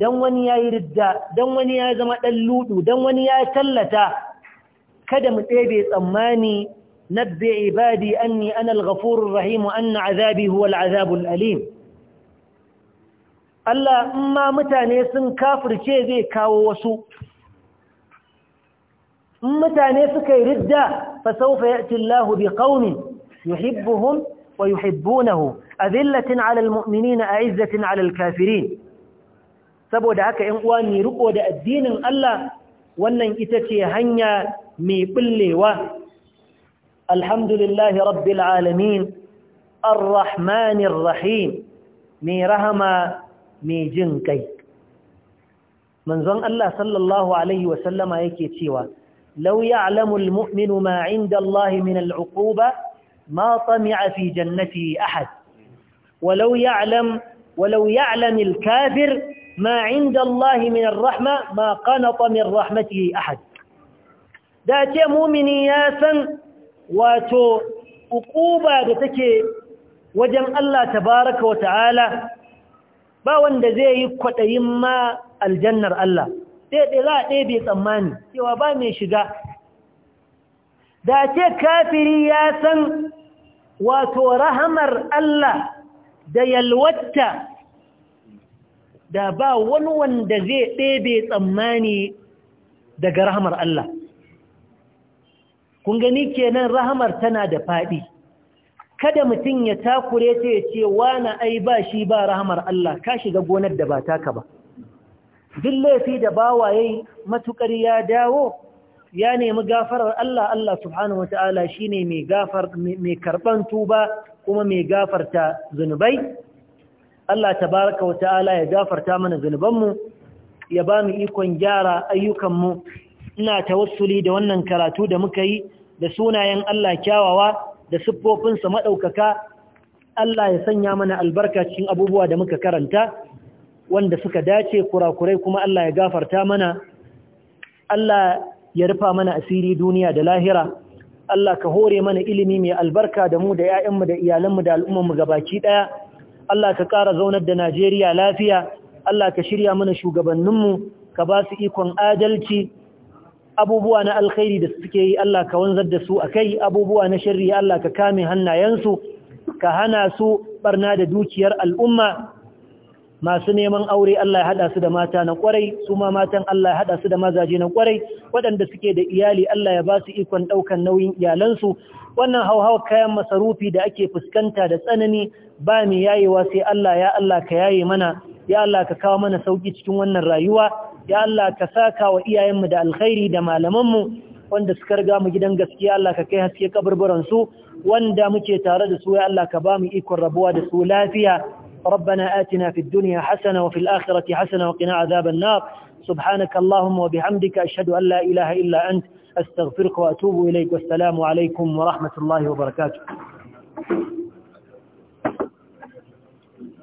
don wani ya yi ridda don wani ya zama ɗan luɗu don wani ya tallata kada mu ɗebe tsammani nabbi ibadi anni ana ghafurur rahim wa anna azabi huwa al alim Allah in ma mutane sun kafirce zai kawo wasu متى نفسك يرد فسوف يأتي الله بقوم يحبهم ويحبونه أذلة على المؤمنين أعزة على الكافرين سبو دعاك إنواني رؤو دع الدين ألا وأنن يتكي هنيا مي ميبلي و الحمد لله رب العالمين الرحمن الرحيم مي رهما مي جنكي من منذن الله صلى الله عليه وسلم يكي تيوى لو يعلم المؤمن ما عند الله من العقوبة ما طمع في جنته أحد ولو يعلم ولو يعلم الكافر ما عند الله من الرحمة ما قنط من رحمته أحد ذات مؤمن ياسا واتو san wato وجم الله تبارك وتعالى باوان tabaraka wa ta'ala الله sai za a ɗaya bai tsammani cewa ba mai shiga da ce kafiri ya san wato rahamar Allah da yalwatta da ba wani wanda zai ɗebe tsammani daga rahamar Allah kun gani kenan rahamar tana da faɗi kada mutum ya takure ta ya ce wani ai ba shi ba rahamar Allah ka shiga gonar da ba taka ba duk laifi da bawa yayi matukar ya dawo ya nemi gafarar Allah Allah subhanahu wataala shine mai gafar mai karban tuba kuma mai gafarta zunubai Allah tabaraka wataala ya gafarta mana zunubanmu ya ba mu ikon gyara ayyukanmu ina tawassuli da wannan karatu da muka yi da sunayen Allah kyawawa da siffofinsa maɗaukaka Allah ya sanya mana albarka cikin abubuwa da muka karanta wanda suka dace kurakurai kuma Allah ya gafarta mana Allah ya rufa mana asiri duniya da lahira Allah ka hore mana ilimi mai albarka da mu da 'ya'yanmu da iyalanmu da al'ummarmu gabaki ɗaya Allah ka ƙara zaunar da Najeriya lafiya Allah ka shirya mana shugabanninmu ka ba su ikon adalci abubuwa na alkhairi da suke yi Allah ka wanzar da su akai. abubuwa na sharri Allah ka kame hannayensu ka hana su barna da dukiyar al'umma masu neman aure Allah ya hada su da mata na kwarai su ma matan Allah ya hada su da mazaje na kwarai waɗanda suke da iyali Allah ya ba su ikon ɗaukan nauyin iyalansu wannan hauhawar kayan masarufi da ake fuskanta da tsanani ba mu yayewa sai Allah ya Allah ka yaye mana ya Allah ka kawo mana sauki cikin wannan rayuwa ya Allah ka saka wa iyayenmu da alkhairi da malamanmu wanda suka riga mu gidan gaskiya Allah ka kai haske kaburburan su wanda muke tare da su ya Allah ka ba mu ikon rabuwa da su lafiya ربنا آتنا في الدنيا حسنة وفي الآخرة حسنة وقنا عذاب النار سبحانك اللهم وبحمدك أشهد أن لا إله إلا أنت أستغفرك وأتوب إليك والسلام عليكم ورحمة الله وبركاته